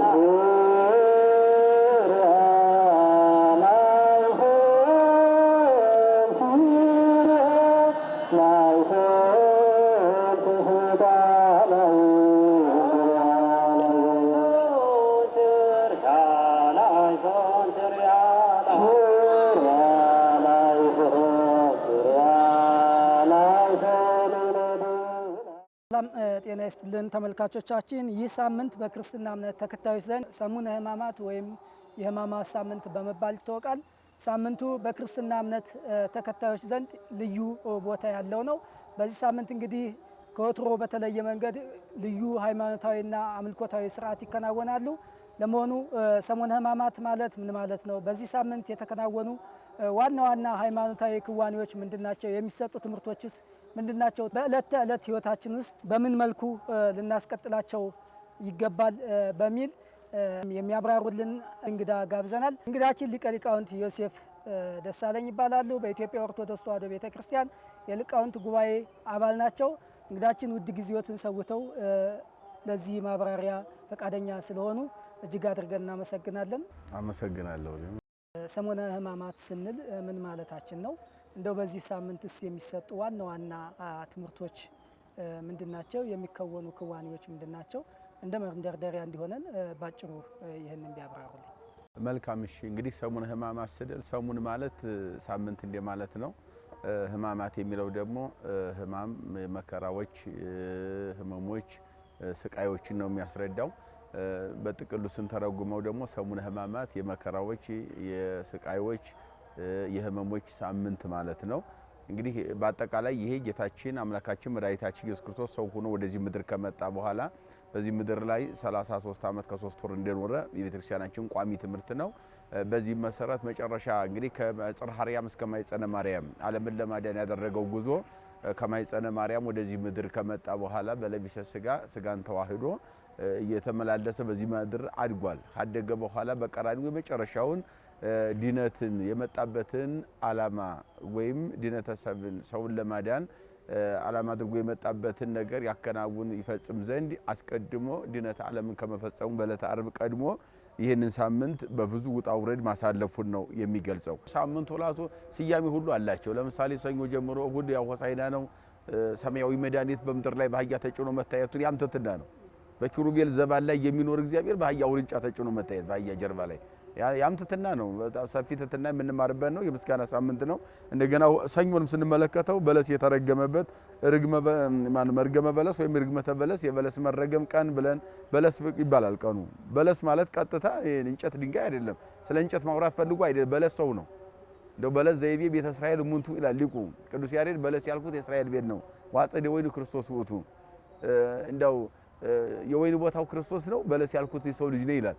Bye. ሰላም ጤና ይስጥልን ተመልካቾቻችን። ይህ ሳምንት በክርስትና እምነት ተከታዮች ዘንድ ሰሙነ ሕማማት ወይም የሕማማት ሳምንት በመባል ይታወቃል። ሳምንቱ በክርስትና እምነት ተከታዮች ዘንድ ልዩ ቦታ ያለው ነው። በዚህ ሳምንት እንግዲህ ከወትሮ በተለየ መንገድ ልዩ ሃይማኖታዊና አምልኮታዊ ስርዓት ይከናወናሉ። ለመሆኑ ሰሙነ ሕማማት ማለት ምን ማለት ነው? በዚህ ሳምንት የተከናወኑ ዋና ዋና ሃይማኖታዊ ክዋኔዎች ምንድናቸው? የሚሰጡ ትምህርቶችስ ምንድናቸው? በዕለት ተዕለት ህይወታችን ውስጥ በምን መልኩ ልናስቀጥላቸው ይገባል በሚል የሚያብራሩልን እንግዳ ጋብዘናል። እንግዳችን ሊቀ ሊቃውንት ዮሴፍ ደሳለኝ ይባላሉ። በኢትዮጵያ ኦርቶዶክስ ተዋሕዶ ቤተ ክርስቲያን የሊቃውንት ጉባኤ አባል ናቸው። እንግዳችን ውድ ጊዜዎትን ሰውተው ለዚህ ማብራሪያ ፈቃደኛ ስለሆኑ እጅግ አድርገን እናመሰግናለን። አመሰግናለሁ። ሰሞነ ሕማማት ስንል ምን ማለታችን ነው? እንደው በዚህ ሳምንትስ የሚሰጡ ዋና ዋና ትምህርቶች ምንድናቸው? የሚከወኑ ክዋኔዎች ምንድናቸው? እንደ መንደርደሪያ እንዲሆነን ባጭሩ ይህንን ቢያብራሩልኝ። መልካም። እሺ እንግዲህ ሰሙነ ሕማማት ስንል ሰሙን ማለት ሳምንት እንደማለት ማለት ነው። ሕማማት የሚለው ደግሞ ሕማም መከራዎች፣ ህመሞች ስቃዮችን ነው የሚያስረዳው። በጥቅሉ ስንተረጉመው ደግሞ ሰሙነ ሕማማት የመከራዎች፣ የስቃዮች፣ የህመሞች ሳምንት ማለት ነው። እንግዲህ በአጠቃላይ ይሄ ጌታችን አምላካችን መድኃኒታችን ኢየሱስ ክርስቶስ ሰው ሆኖ ወደዚህ ምድር ከመጣ በኋላ በዚህ ምድር ላይ 33 ዓመት ከ3 ወር እንደኖረ የቤተክርስቲያናችን ቋሚ ትምህርት ነው። በዚህ መሰረት መጨረሻ እንግዲህ ከጽርሐ አርያም እስከ ማኅፀነ ማርያም ዓለምን ለማዳን ያደረገው ጉዞ ከማይጸነ ማርያም ወደዚህ ምድር ከመጣ በኋላ በለቢሰ ስጋ ስጋን ተዋህዶ እየተመላለሰ በዚህ ምድር አድጓል። ካደገ በኋላ በቀራንዮ የመጨረሻውን ድነትን የመጣበትን አላማ ወይም ድነተ ሰብን ሰውን ለማዳን አላማ አድርጎ የመጣበትን ነገር ያከናውን ይፈጽም ዘንድ አስቀድሞ ድነት ዓለምን ከመፈጸሙ በዕለተ ዓርብ ቀድሞ ይህንን ሳምንት በብዙ ውጣ ውረድ ማሳለፉን ነው የሚገልጸው። ሳምንት ላቱ ስያሜ ሁሉ አላቸው። ለምሳሌ ሰኞ ጀምሮ እሁድ ያው ሆሳዕና ነው። ሰማያዊ መድኃኒት በምድር ላይ በአህያ ተጭኖ መታየቱን ያምተትና ነው። በኪሩቤል ዘባን ላይ የሚኖር እግዚአብሔር በአህያ ውርንጫ ተጭኖ መታየት በአህያ ጀርባ ላይ ያም ትትና ነው። ሰፊ ትትና የምንማርበት ነው። የምስጋና ሳምንት ነው። እንደገና ሰኞንም ስንመለከተው በለስ የተረገመበት መርገመ በለስ ወይም ርግመተ በለስ የበለስ መረገም ቀን ብለን በለስ ይባላል። ቀኑ በለስ ማለት ቀጥታ እንጨት ድንጋይ አይደለም። ስለ እንጨት ማውራት ፈልጎ አይደለም። በለስ ሰው ነው። እንደው በለስ ዘይቤ ቤተ እስራኤል ሙንቱ ይላል ሊቁ ቅዱስ ያሬድ። በለስ ያልኩት የእስራኤል ቤት ነው። ዋጽድ የወይኑ ክርስቶስ ውእቱ እንደው የወይኑ ቦታው ክርስቶስ ነው። በለስ ያልኩት የሰው ልጅ ነው ይላል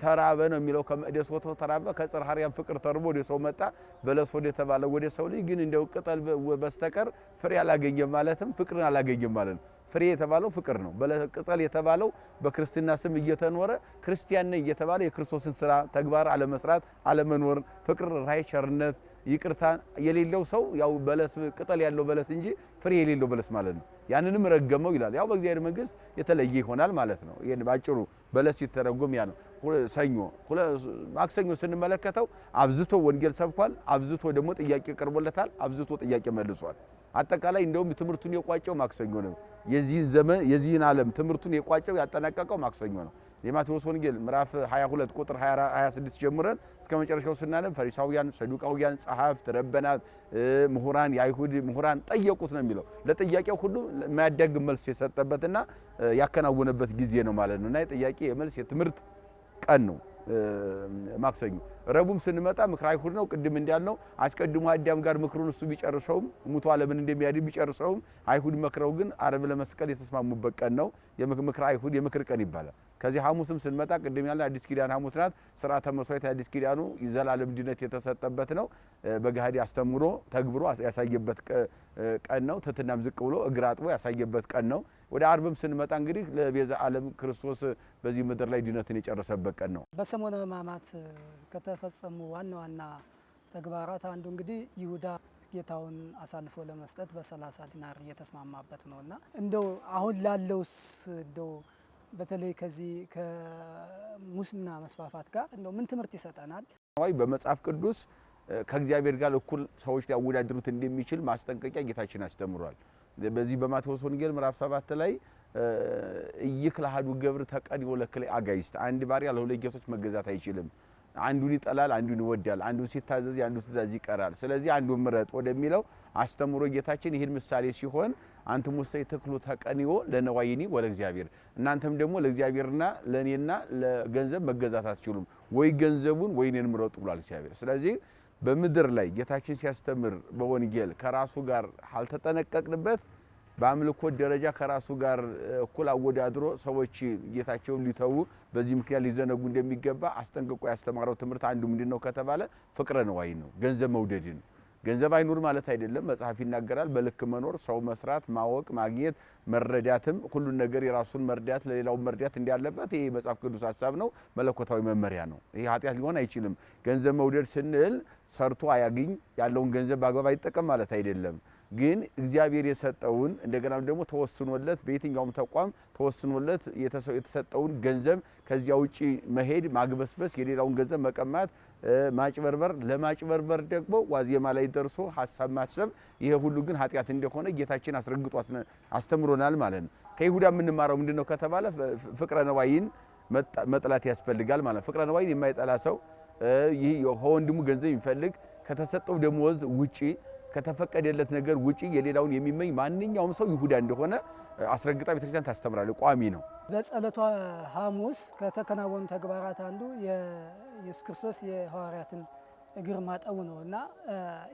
ተራበ ነው የሚለው ከመቅደስ ወጥቶ ተራበ፣ ከጽር አርያም ፍቅር ተርቦ ወደ ሰው መጣ። በለስ ወደ ተባለ ወደ ሰው ልጅ ግን እንደው ቅጠል በስተቀር ፍሬ አላገኘም፣ ማለትም ፍቅርን አላገኘም ማለት ነው። ፍሬ የተባለው ፍቅር ነው። በለቅጠል የተባለው በክርስትና ስም እየተኖረ ክርስቲያን እየተባለ የክርስቶስን ስራ ተግባር አለመስራት፣ አለመኖር፣ ፍቅር፣ ራይ፣ ቸርነት፣ ይቅርታ የሌለው ሰው ያው በለስ ቅጠል ያለው በለስ እንጂ ፍሬ የሌለው በለስ ማለት ነው። ያንንም ረገመው ይላል። ያው በእግዚአብሔር መንግስት የተለየ ይሆናል ማለት ነው። ይሄን ባጭሩ በለስ ሲተረጎም ያ ነው። ሰኞ ማክሰኞ ስንመለከተው አብዝቶ ወንጌል ሰብኳል፣ አብዝቶ ደግሞ ጥያቄ ቀርቦለታል፣ አብዝቶ ጥያቄ መልሷል። አጠቃላይ እንደውም ትምህርቱን የቋጨው ማክሰኞ ነው። የዚህን ዘመን የዚህን ዓለም ትምህርቱን የቋጨው ያጠናቀቀው ማክሰኞ ነው። የማቴዎስ ወንጌል ምዕራፍ 22 ቁጥር 26 ጀምረን እስከ መጨረሻው ስናነብ ፈሪሳውያን፣ ሰዱቃውያን፣ ጸሐፍት፣ ረበናት፣ ምሁራን የአይሁድ ምሁራን ጠየቁት ነው የሚለው። ለጥያቄው ሁሉ የማያዳግም መልስ የሰጠበትና ያከናወነበት ጊዜ ነው ማለት ነው እና የጥያቄ የመልስ የትምህርት ቀን ነው። ማክሰኞ። ረቡም ስንመጣ ምክረ አይሁድ ነው። ቅድም እንዳልነው አስቀድሞ አዳም ጋር ምክሩን እሱ ቢጨርሰውም ሙቶ ዓለምን እንደሚያድ ቢጨርሰውም አይሁድ መክረው ግን አርብ ለመስቀል የተስማሙበት ቀን ነው። የምክረ አይሁድ የምክር ቀን ይባላል። ከዚህ ሐሙስም ስንመጣ ቅድም ያለ አዲስ ኪዳን ሐሙስ ናት። ስርዓተ መስዋዕት የአዲስ ኪዳኑ ዘላለም ድነት የተሰጠበት ነው። በገሃድ አስተምሮ ተግብሮ ያሳየበት ቀን ነው። ትሕትናም ዝቅ ብሎ እግር አጥቦ ያሳየበት ቀን ነው። ወደ አርብም ስንመጣ እንግዲህ ለቤዛ ዓለም ክርስቶስ በዚህ ምድር ላይ ድነትን የጨረሰበት ቀን ነው። በሰሞነ ሕማማት ከተፈጸሙ ዋና ዋና ተግባራት አንዱ እንግዲህ ይሁዳ ጌታውን አሳልፎ ለመስጠት በሰላሳ ዲናር እየተስማማበት ነውና እንደው አሁን ላለውስ እንደው በተለይ ከዚህ ከሙስና መስፋፋት ጋር እንደው ምን ትምህርት ይሰጠናል? ነዋይ በመጽሐፍ ቅዱስ ከእግዚአብሔር ጋር እኩል ሰዎች ሊያወዳድሩት እንደሚችል ማስጠንቀቂያ ጌታችን አስተምሯል። በዚህ በማቴዎስ ወንጌል ምዕራፍ ሰባት ላይ እይክላሃዱ ገብር ተቀዲዮ ለክልኤ አጋዕዝት፣ አንድ ባሪያ ለሁለት ጌቶች መገዛት አይችልም አንዱን ይጠላል፣ አንዱን ይወዳል፣ አንዱን ሲታዘዝ አንዱን ትእዛዝ ይቀራል። ስለዚህ አንዱን ምረጥ ወደሚለው አስተምሮ ጌታችን ይህን ምሳሌ ሲሆን አንተ ሙሴ ተክሉ ተቀንዮ ለነዋይኒ ወለእግዚአብሔር፣ እናንተም ደግሞ ለእግዚአብሔርና ለእኔና ለገንዘብ መገዛት አትችሉም፣ ወይ ገንዘቡን ወይ እኔን ምረጡ ብሏል እግዚአብሔር። ስለዚህ በምድር ላይ ጌታችን ሲያስተምር በወንጌል ከራሱ ጋር አልተጠነቀቅንበት በአምልኮት ደረጃ ከራሱ ጋር እኩል አወዳድሮ ሰዎች ጌታቸውን ሊተዉ በዚህ ምክንያት ሊዘነጉ እንደሚገባ አስጠንቅቆ ያስተማረው ትምህርት አንዱ ምንድን ነው ከተባለ ፍቅረ ነዋይ ነው፣ ገንዘብ መውደድ ነው። ገንዘብ አይኑር ማለት አይደለም። መጽሐፍ ይናገራል። በልክ መኖር፣ ሰው መስራት፣ ማወቅ፣ ማግኘት፣ መረዳትም ሁሉን ነገር የራሱን መርዳት ለሌላው መርዳት እንዳለበት ይሄ መጽሐፍ ቅዱስ ሀሳብ ነው፣ መለኮታዊ መመሪያ ነው። ይህ ኃጢአት ሊሆን አይችልም። ገንዘብ መውደድ ስንል ሰርቶ አያግኝ፣ ያለውን ገንዘብ በአግባብ አይጠቀም ማለት አይደለም። ግን እግዚአብሔር የሰጠውን እንደገናም ደግሞ ተወስኖለት በየትኛውም ተቋም ተወስኖለት የተሰጠውን ገንዘብ ከዚያ ውጪ መሄድ ማግበስበስ፣ የሌላውን ገንዘብ መቀማት፣ ማጭበርበር፣ ለማጭበርበር ደግሞ ዋዜማ ላይ ደርሶ ሀሳብ ማሰብ፣ ይሄ ሁሉ ግን ኃጢአት እንደሆነ ጌታችን አስረግጦ አስተምሮናል ማለት ነው። ከይሁዳ የምንማረው ምንድን ነው ከተባለ ፍቅረ ነዋይን መጥላት ያስፈልጋል ማለት ነው። ፍቅረ ነዋይን የማይጠላ ሰው ይህ ከወንድሙ ገንዘብ የሚፈልግ ከተሰጠው ደመወዝ ውጪ ከተፈቀደለት ነገር ውጪ የሌላውን የሚመኝ ማንኛውም ሰው ይሁዳ እንደሆነ አስረግጣ ቤተክርስቲያን ታስተምራለች። ቋሚ ነው። በጸሎተ ሐሙስ ከተከናወኑ ተግባራት አንዱ የኢየሱስ ክርስቶስ የሐዋርያትን እግር ማጠቡ ነው እና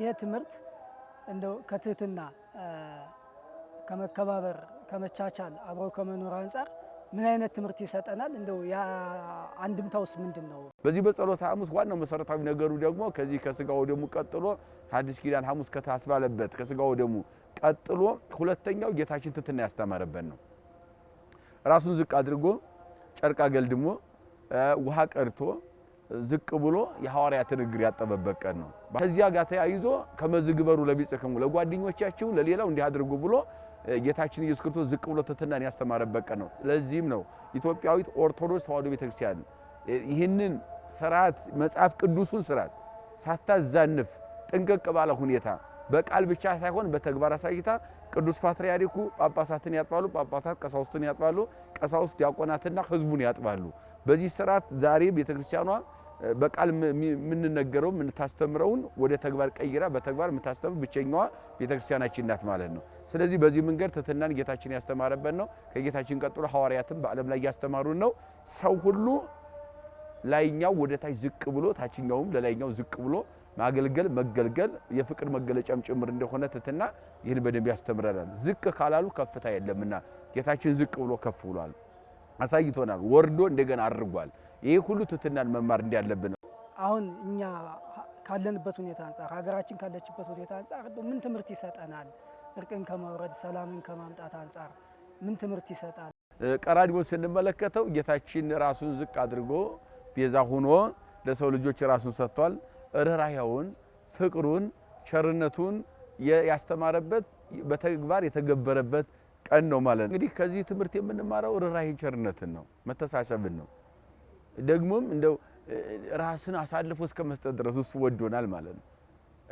ይህ ትምህርት እንደው ከትህትና ከመከባበር ከመቻቻል አብረው ከመኖር አንጻር ምን አይነት ትምህርት ይሰጠናል? እንደው ያ አንድምታውስ ምንድን ነው? በዚህ በጸሎተ ሐሙስ ዋናው መሰረታዊ ነገሩ ደግሞ ከዚህ ከስጋ ወደሙ ቀጥሎ ሐዲስ ኪዳን ሐሙስ ከታስባለበት ከስጋ ወደሙ ቀጥሎ ሁለተኛው ጌታችን ትትና ያስተማረበት ነው። ራሱን ዝቅ አድርጎ ጨርቅ አገልድሞ ውሃ ቀድቶ ዝቅ ብሎ የሐዋርያትን እግር ያጠበበት ቀን ነው። ከዚያ ጋር ተያይዞ ከመዝግበሩ ለቢጽክሙ ለጓደኞቻችሁ ለሌላው እንዲህ አድርጉ ብሎ ጌታችን ኢየሱስ ክርስቶስ ዝቅ ብሎ ትሕትናን ያስተማረበት ቀን ነው። ለዚህም ነው ኢትዮጵያዊት ኦርቶዶክስ ተዋሕዶ ቤተክርስቲያን ይህንን ስርዓት መጽሐፍ ቅዱሱን ስርዓት ሳታዛንፍ ጥንቅቅ ባለ ሁኔታ በቃል ብቻ ሳይሆን በተግባር አሳይታ ቅዱስ ፓትርያርኩ ጳጳሳትን ያጥባሉ፣ ጳጳሳት ቀሳውስትን ያጥባሉ፣ ቀሳውስት ዲያቆናትና ሕዝቡን ያጥባሉ። በዚህ ስርዓት ዛሬ ቤተክርስቲያኗ በቃል የምንነገረው የምንታስተምረውን ወደ ተግባር ቀይራ በተግባር የምታስተምር ብቸኛዋ ቤተክርስቲያናችን ናት ማለት ነው። ስለዚህ በዚህ መንገድ ትሕትናን ጌታችን ያስተማረበት ነው። ከጌታችን ቀጥሎ ሐዋርያትም በዓለም ላይ እያስተማሩን ነው። ሰው ሁሉ ላይኛው ወደ ታች ዝቅ ብሎ ታችኛውም ለላይኛው ዝቅ ብሎ ማገልገል መገልገል የፍቅር መገለጫም ጭምር እንደሆነ ትሕትና ይህን በደንብ ያስተምረናል። ዝቅ ካላሉ ከፍታ የለምና ጌታችን ዝቅ ብሎ ከፍ ብሏል። አሳይቶናል። ወርዶ እንደገና አድርጓል። ይሄ ሁሉ ትትናን መማር እንዳለብን አሁን እኛ ካለንበት ሁኔታ አንጻር ሀገራችን ካለችበት ሁኔታ አንጻር ምን ትምህርት ይሰጠናል? እርቅን ከማውረድ ሰላምን ከማምጣት አንጻር ምን ትምህርት ይሰጣል? ቀራድሞ ስንመለከተው ጌታችን ራሱን ዝቅ አድርጎ ቤዛ ሆኖ ለሰው ልጆች ራሱን ሰጥቷል። ርኅራኄውን፣ ፍቅሩን፣ ቸርነቱን ያስተማረበት በተግባር የተገበረበት ቀን ነው ማለት ነው። እንግዲህ ከዚህ ትምህርት የምንማረው ርኅራኄ ቸርነትን ነው፣ መተሳሰብን ነው። ደግሞም እንደው ራስን አሳልፎ እስከ መስጠት ድረስ እሱ ወዶናል ማለት ነው።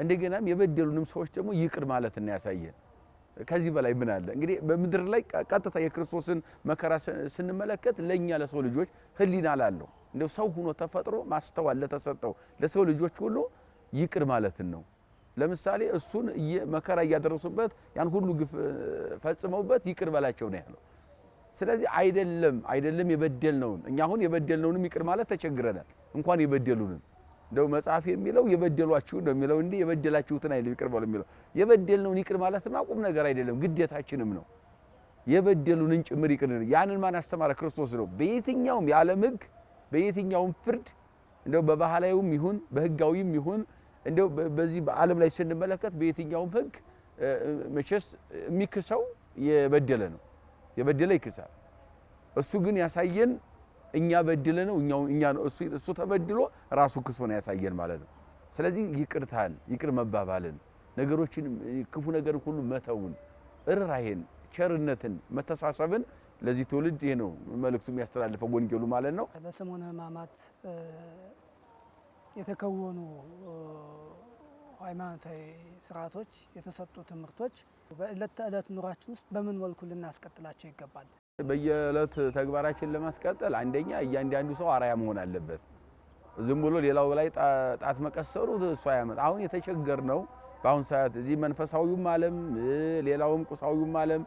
እንደገናም የበደሉንም ሰዎች ደግሞ ይቅር ማለት እና ያሳየን። ከዚህ በላይ ምን አለ? እንግዲህ በምድር ላይ ቀጥታ የክርስቶስን መከራ ስንመለከት ለእኛ ለሰው ልጆች ሕሊና ላለው እንደው ሰው ሁኖ ተፈጥሮ ማስተዋል ለተሰጠው ለሰው ልጆች ሁሉ ይቅር ማለትን ነው። ለምሳሌ እሱን መከራ እያደረሱበት ያን ሁሉ ግፍ ፈጽመውበት ይቅር በላቸው ነው ያለው። ስለዚህ አይደለም አይደለም የበደልነውን እኛ አሁን የበደልነውንም ይቅር ማለት ተቸግረናል። እንኳን የበደሉንም እንደው መጽሐፍ የሚለው የበደሏችሁን ነው የሚለው እንጂ የበደላችሁትን አይደለም ይቅር በሉ የሚለው። የበደልነውን ይቅር ማለት ቁም ነገር አይደለም፣ ግዴታችንም ነው። የበደሉንን ጭምር ይቅር ያንን ማን አስተማረ? ክርስቶስ ነው። በየትኛውም የዓለም ሕግ በየትኛውም ፍርድ እንደው በባህላዊም ይሁን በህጋዊም ይሁን እንደው በዚህ በዓለም ላይ ስንመለከት በየትኛውም ህግ መቼስ የሚክሰው የበደለ ነው፣ የበደለ ይክሳል። እሱ ግን ያሳየን እኛ በድለ ነው እኛ ነው እሱ እሱ ተበድሎ ራሱ ክሶ ነው ያሳየን ማለት ነው። ስለዚህ ይቅርታን፣ ይቅር መባባልን፣ ነገሮችን ክፉ ነገር ሁሉ መተውን፣ እርራይን ቸርነትን፣ መተሳሰብን ለዚህ ትውልድ ይሄ ነው መልእክቱ የሚያስተላልፈው ወንጌሉ ማለት ነው። በሰሙነ ሕማማት የተከወኑ ሃይማኖታዊ ስርዓቶች የተሰጡ ትምህርቶች በዕለት ተእለት ኑሯችን ውስጥ በምን መልኩ ልናስቀጥላቸው ይገባል? በየዕለት ተግባራችን ለማስቀጠል አንደኛ እያንዳንዱ ሰው አርአያ መሆን አለበት። ዝም ብሎ ሌላው ላይ ጣት መቀሰሩ እሱ አያመጣም። አሁን የተቸገር ነው በአሁን ሰዓት እዚህ መንፈሳዊውም ዓለም ሌላውም ቁሳዊውም ዓለም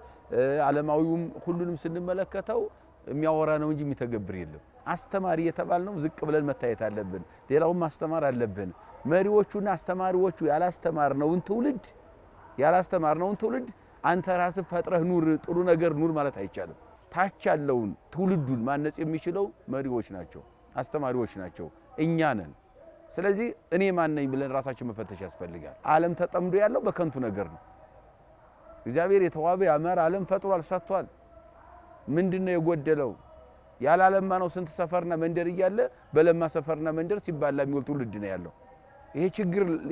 ዓለማዊውም ሁሉንም ስንመለከተው የሚያወራ ነው እንጂ የሚተገብር የለም። አስተማሪ ነው ዝቅ ብለን መታየት አለብን። ሌላውም ማስተማር አለብን። መሪዎቹና አስተማሪዎቹ ያላስተማርነውን ትውልድ ያላስተማርነውን ትውልድ አንተ ራስህ ፈጥረህ ኑር፣ ጥሩ ነገር ኑር ማለት አይቻልም። ታች ያለውን ትውልዱን ማነጽ የሚችለው መሪዎች ናቸው፣ አስተማሪዎች ናቸው፣ እኛ ነን። ስለዚህ እኔ ማነኝ ብለን ራሳችን መፈተሽ ያስፈልጋል። ዓለም ተጠምዶ ያለው በከንቱ ነገር ነው። እግዚአብሔር የተዋበ ያማረ ዓለም ፈጥሯል፣ ሰጥቷል። ምንድን ነው የጎደለው? ያላለማ ነው። ስንት ሰፈርና መንደር እያለ በለማ ሰፈርና መንደር ሲባላ የሚውል ትውልድ ነው ያለው።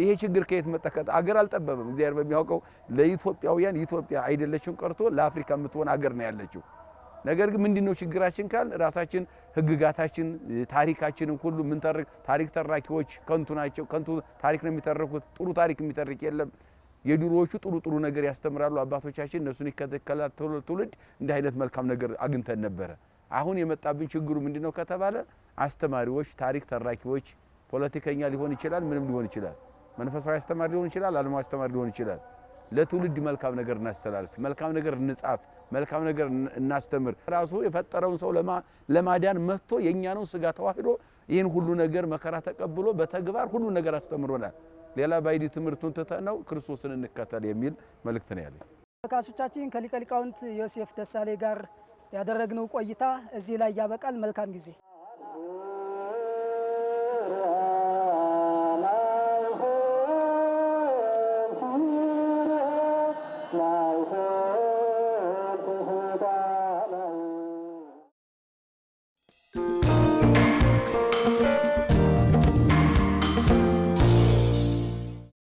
ይሄ ችግር ከየት መጠከት አገር አልጠበበም። እግዚአብሔር በሚያውቀው ለኢትዮጵያውያን ኢትዮጵያ አይደለችም ቀርቶ ለአፍሪካ የምትሆን አገር ነው ያለችው። ነገር ግን ምንድነው ችግራችን ካል ራሳችን ህግጋታችን፣ ታሪካችንን ሁሉ ምንተርክ ታሪክ ተራኪዎች ከንቱ ናቸው። ከንቱ ታሪክ ነው የሚተርኩት። ጥሩ ታሪክ የሚተርክ የለም። የድሮዎቹ ጥሩ ጥሩ ነገር ያስተምራሉ አባቶቻችን። እነሱን ይከተላል ትውልድ። እንዲህ አይነት መልካም ነገር አግኝተን ነበረ። አሁን የመጣብን ችግሩ ምንድን ነው ከተባለ አስተማሪዎች፣ ታሪክ ተራኪዎች፣ ፖለቲከኛ ሊሆን ይችላል፣ ምንም ሊሆን ይችላል፣ መንፈሳዊ አስተማሪ ሊሆን ይችላል፣ ዓለማዊ አስተማሪ ሊሆን ይችላል። ለትውልድ መልካም ነገር እናስተላልፍ፣ መልካም ነገር እንጻፍ፣ መልካም ነገር እናስተምር። ራሱ የፈጠረውን ሰው ለማዳን መጥቶ የእኛ ነው ስጋ ተዋህዶ ይህን ሁሉ ነገር መከራ ተቀብሎ በተግባር ሁሉ ነገር አስተምሮናል። ሌላ ባይዲ ትምህርቱን ትተነው ክርስቶስን እንከተል የሚል መልእክት ነው ያለኝ። ተመልካቾቻችን ከሊቀ ሊቃውንት ዮሴፍ ደሳሌ ጋር ያደረግነው ቆይታ እዚህ ላይ ያበቃል። መልካም ጊዜ